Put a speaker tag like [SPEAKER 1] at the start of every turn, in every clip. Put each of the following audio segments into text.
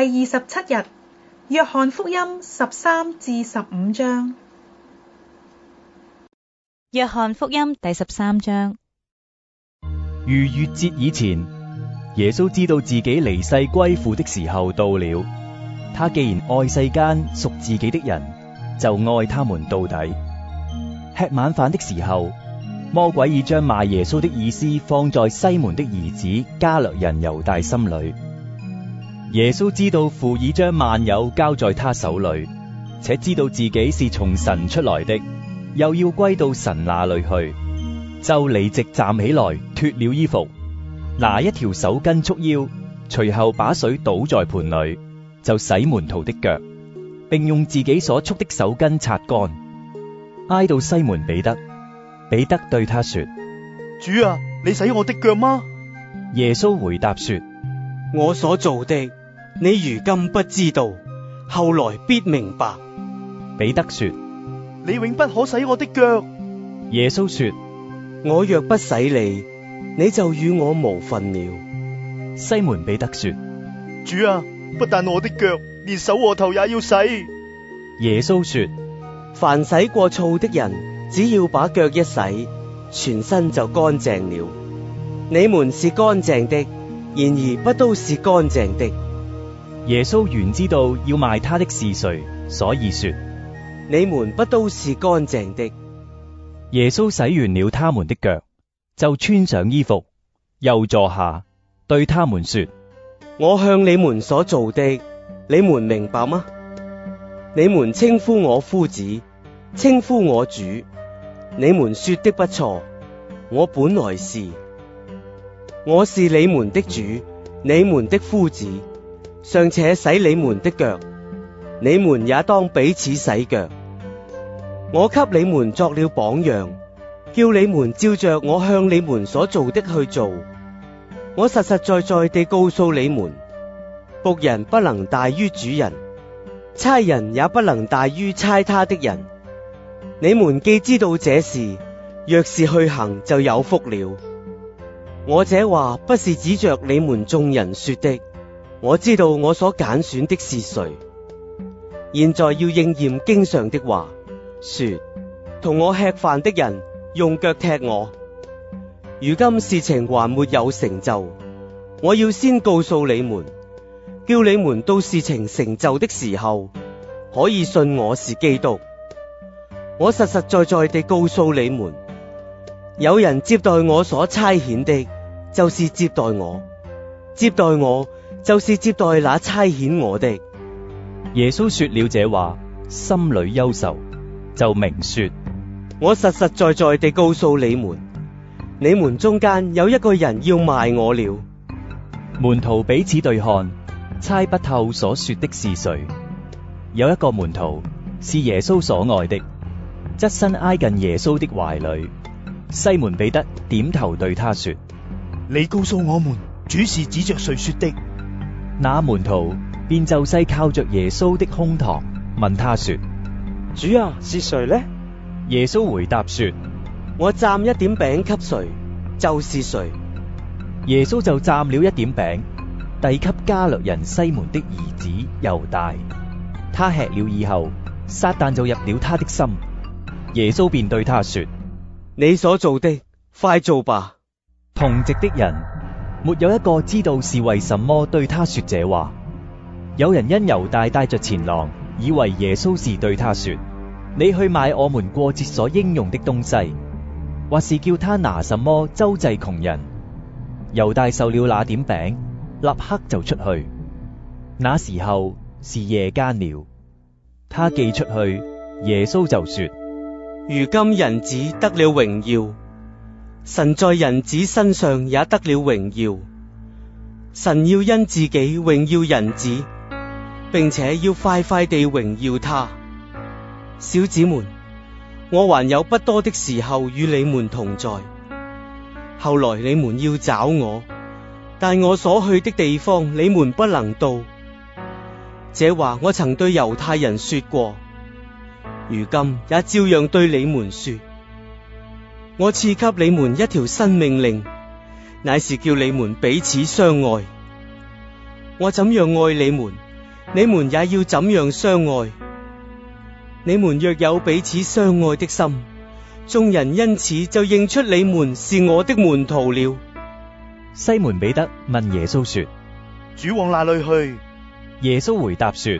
[SPEAKER 1] 第二十七日，約翰福音十三至十五章。約翰福音第十三章。
[SPEAKER 2] 逾越節以前，耶穌知道自己離世歸父的時候到了。他既然愛世間屬自己的人，就愛他們到底。吃晚飯的時候，魔鬼已將賣耶穌的意思放在西門的兒子加略人猶大心裏。耶穌知道父已將萬有交在他手裏，且知道自己是從神出來的，又要歸到神那裏去，就離席站起來，脫了衣服，拿一條手巾束腰，隨後把水倒在盆裏，就洗門徒的腳，並用自己所束的手巾擦乾。挨到西門彼得，彼得對他說：
[SPEAKER 1] 主啊，你洗我的腳嗎？耶穌回答說：我所做的。你如今不知道，後來必明白。彼得說：你永不可洗我的腳。耶穌說：我若不洗你，你就與我無分了。西門彼得說：主啊，不但我的腳，連手和頭也要洗。耶穌說：凡洗過澡的人，只要把腳一洗，全身就乾淨了。你們是乾淨的，然而不都是乾淨的。耶穌原知道要賣他的是誰，所以說你們不都是乾淨的。
[SPEAKER 2] 耶穌洗完了他們的腳，就穿上衣服，又坐下，對他們說：
[SPEAKER 1] 我向你們所做的，你們明白嗎？你們稱呼我夫子，稱呼我主，你們說的不錯，我本來是。我是你們的主，你們的夫子。尚且洗你們的腳，你們也當彼此洗腳。我給你們作了榜樣，叫你們照着我向你們所做的去做。我實實在在地告訴你們，僕人不能大於主人，差人也不能大於差他的人。你們既知道這事，若是去行，就有福了。我這話不是指着你們眾人說的。我知道我所揀選的是誰，現在要應驗經上的話，說，同我吃飯的人用腳踢我。如今事情還沒有成就，我要先告訴你們，叫你們到事情成就的時候，可以信我是基督。我實實在在地告訴你們，有人接待我所差遣的，就是接待我，接待我。就是接待那差遣我的。耶穌說了這話，心裏憂愁，就明說：我實實在在地告訴你們，你們中間有一個人要賣我了。門徒彼
[SPEAKER 2] 此對看，猜不透所說的是誰。有一個門徒是耶穌所愛的，側身挨近耶穌的懷裏。西門彼得點頭對他說：你告訴我們，主是指着誰說的？那門徒便就勢靠着耶穌的胸膛，問他說：主啊，是誰呢？耶穌回答說：我蘸一點餅給誰，就是誰。耶穌就蘸了一點餅，遞給加略人西門的兒子猶大。他吃了以後，撒旦就入了他的心。耶穌便對他說：你所做的，快做吧。同席的人。沒有一個知道是為什麼對他說這話。有人因猶大帶着錢囊，以為耶穌是對他說：你去買我們過節所應用的東西，或是叫他拿什麼周濟窮人。猶大受了那點餅，立刻就出去。那時候是夜間了。他寄
[SPEAKER 1] 出去，耶穌就說：如今人子得了榮耀。神在人子身上也得了榮耀，神要因自己榮耀人子，並且要快快地榮耀他。小子們，我還有不多的時候與你們同在，後來你們要找我，但我所去的地方你們不能到。這話我曾對猶太人說過，如今也照樣對你們說。我賜給你們一條新命令，乃是叫你們彼此相愛。我怎樣愛你們，你們也要怎樣相愛。你們若有彼此相愛的心，眾人因此就認出你們是我的門徒了。西門彼得問耶穌說：主往哪裏去？耶穌回答說：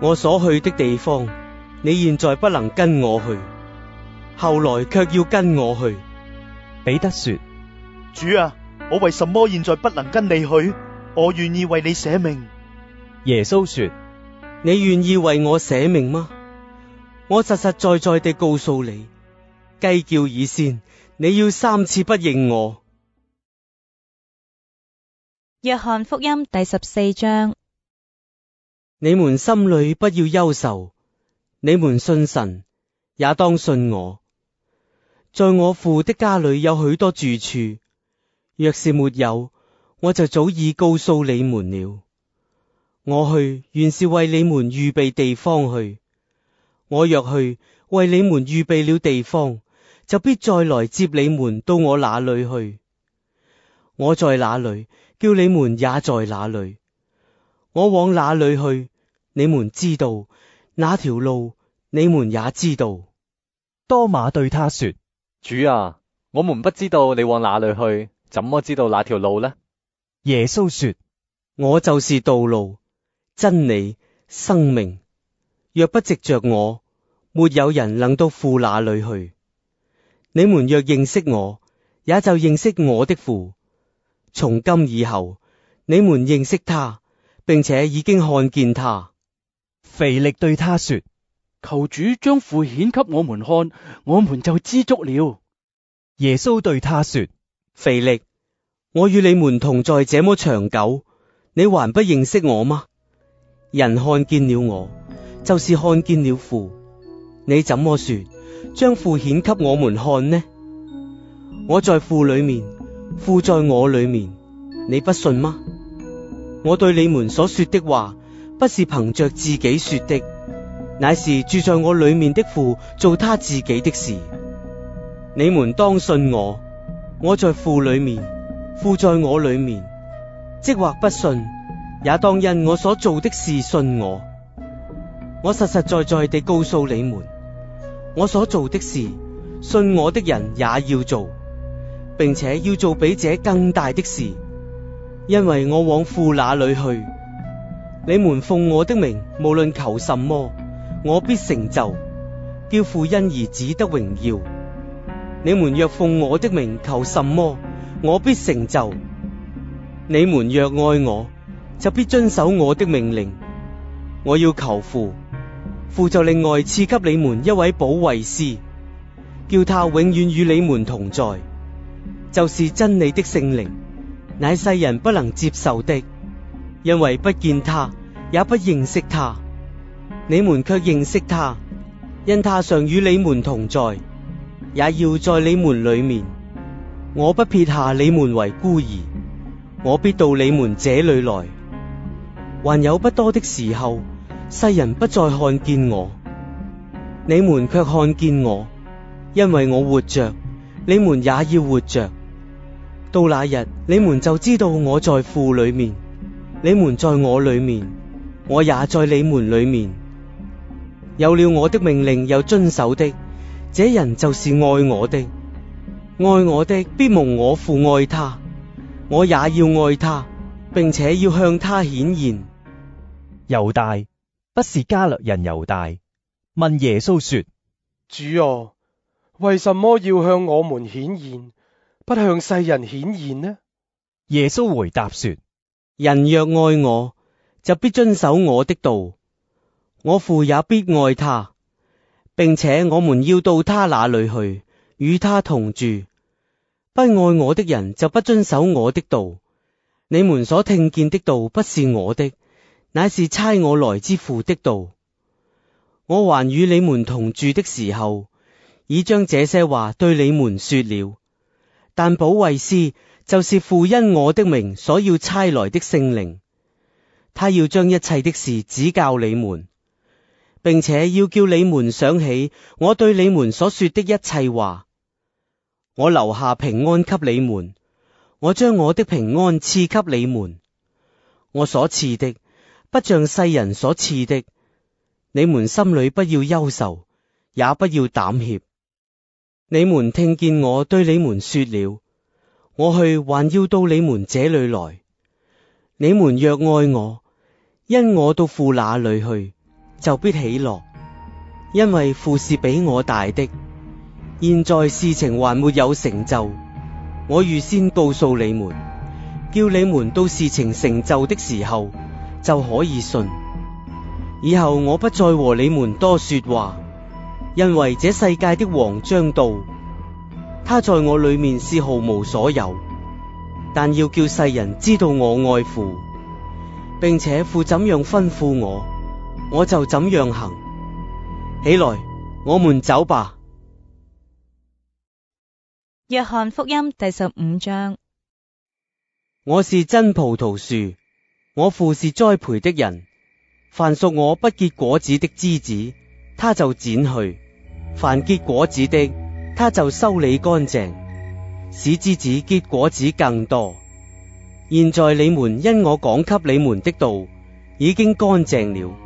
[SPEAKER 1] 我所去的地方，你現在不能跟我去。後來卻要跟我去，彼得說：主啊，我為什麼現在不能跟你去？我願意為你捨命。耶穌說：你願意為我捨命嗎？我實實在在地告訴你，雞叫以先，你要三次不認我。約翰福音第十四章：你們心裡不要憂愁，你們信神也當信我。在我父的家裏有許多住處，若是沒有，我就早已告訴你們了。我去原是為你們預備地方去，我若去為你們預備了地方，就必再來接你們到我那裏去。我在那裏，叫你們也在那裏；我往那裏去，你們知道，那條路你們也知道。多馬對他說。主啊，我們不知道你往哪
[SPEAKER 2] 裏去，怎麼
[SPEAKER 1] 知道那條路呢？耶穌說：我就是道路、真理、生命。若不藉着我，沒有人能到父那裏去。你們若認識我，也就認識我的父。從今以後，你們認識他，並且已經看見他。腓力對他說。求主將父顯給我們看，我們就知足了。耶穌對他說：腓力，我與你們同在這麼長久，你還不認識我嗎？人看見了我，就是看見了父。你怎麼說，將父顯給我們看呢？我在父裏面，父在我裏面，你不信嗎？我對你們所說的話，不是憑着自己說的。乃是住在我裏面的父做他自己的事。你們當信我，我在父裏面，父在我裏面。即或不信，也當因我所做的事信我。我實實在在地告訴你們，我所做的事，信我的人也要做，並且要做比這更大的事，因為我往父那裏去。你們奉我的名無論求什麼。我必成就，叫父因兒子得榮耀。你們若奉我的名求什麼，我必成就。你們若愛我，就必遵守我的命令。我要求父，父就另外賜給你們一位保惠師，叫他永遠與你們同在，就是真理的聖靈，乃世人不能接受的，因為不見他，也不認識他。你們卻認識他，因他常與你們同在，也要在你們裏面。我不撇下你們為孤兒，我必到你們這裏來。還有不多的時候，世人不再看見我，你們卻看見我，因為我活着，你們也要活着。到那日，你們就知道我在父裏面，你們在我裏面，我也在你們裏面。有了我的命令又遵守的，這人就是愛我的。愛我的必蒙我父愛他，我也要愛他，並且要向他顯現。猶大不是加略人猶大，
[SPEAKER 2] 問耶穌說：
[SPEAKER 1] 主，哦，為什麼要向我們顯現，不向世人顯現呢？耶穌回答說：人若愛我，就必遵守我的道。我父也必愛他，並且我們要到他那裏去，與他同住。不愛我的人就不遵守我的道。你們所聽見的道不是我的，乃是差我來之父的道。我還與你們同住的時候，已將這些話對你們說了。但保惠師就是父因我的名所要差來的聖靈，他要將一切的事指教你們。並且要叫你們想起我對你們所說的一切話。我留下平安給你們，我將我的平安賜給你們。我所賜的不像世人所賜的。你們心裏不要憂愁，也不要膽怯。你們聽見我對你們說了，我去還要到你們這裏來。你們若愛我，因我到父那裏去。就必喜樂，因為父是比我大的。現在事情還沒有成就，我預先告訴你們，叫你們到事情成就的時候就可以信。以後我不再和你們多說話，因為這世界的王將到，他在我裏面是毫無所有，但要叫世人知道我愛父，並且父怎樣吩咐我。我就怎樣行。起來，我們走吧。約翰福音第十五章：我是真葡萄樹，我父是栽培的人。凡屬我不結果子的枝子，他就剪去；凡結果子的，他就修理乾淨，使枝子結果子更多。現在你們因我講給你們的道，已經乾淨了。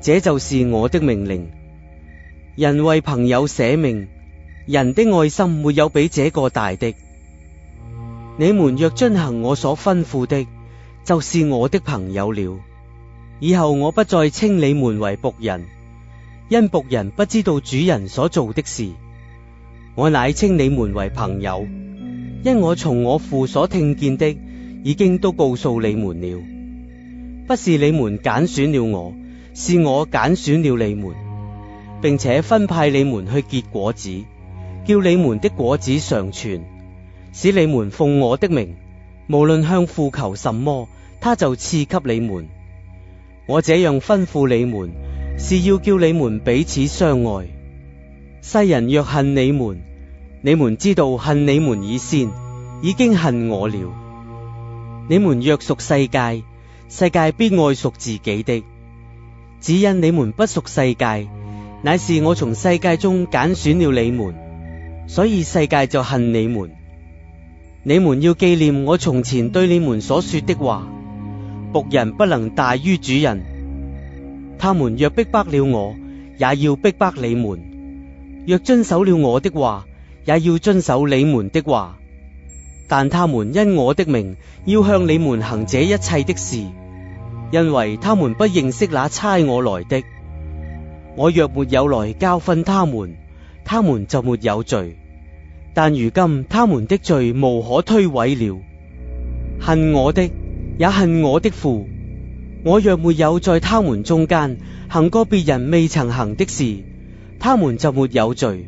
[SPEAKER 1] 這就是我的命令。人為朋友捨命，人的愛心沒有比這個大的。你們若遵行我所吩咐的，就是我的朋友了。以後我不再稱你們為僕人，因僕人不知道主人所做的事。我乃稱你們為朋友，因我從我父所聽見的，已經都告訴你們了。不是你們揀選了我。是我揀選了你們，並且分派你們去結果子，叫你們的果子常存，使你們奉我的名，無論向父求什麼，他就賜給你們。我這樣吩咐你們，是要叫你們彼此相愛。世人若恨你們，你們知道恨你們以先，已經恨我了。你們若屬世界，世界必愛屬自己的。只因你們不屬世界，乃是我從世界中揀選了你們，所以世界就恨你們。你們要紀念我從前對你們所說的話：僕人不能大於主人。他們若逼迫了我，也要逼迫你們；若遵守了我的話，也要遵守你們的話。但他們因我的名，要向你們行這一切的事。因為他們不認識那差我來的，我若沒有來教訓他們，他們就沒有罪。但如今他們的罪無可推諉了。恨我的，也恨我的父。我若沒有在他們中間行過別人未曾行的事，他們就沒有罪。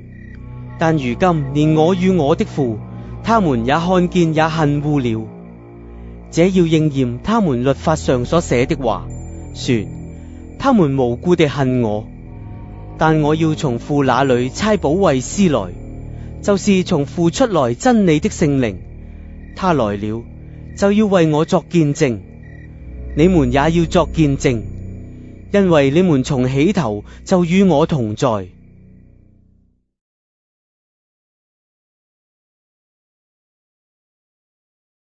[SPEAKER 1] 但如今連我與我的父，他們也看見也恨惡了。這要應驗他們律法上所寫的話，說，他們無故地恨我，但我要從父那裏差保惠師來，就是從父出來真理的聖靈。他來了，就要為我作見證，你們也要作見證，因為你們從起頭就與我同在。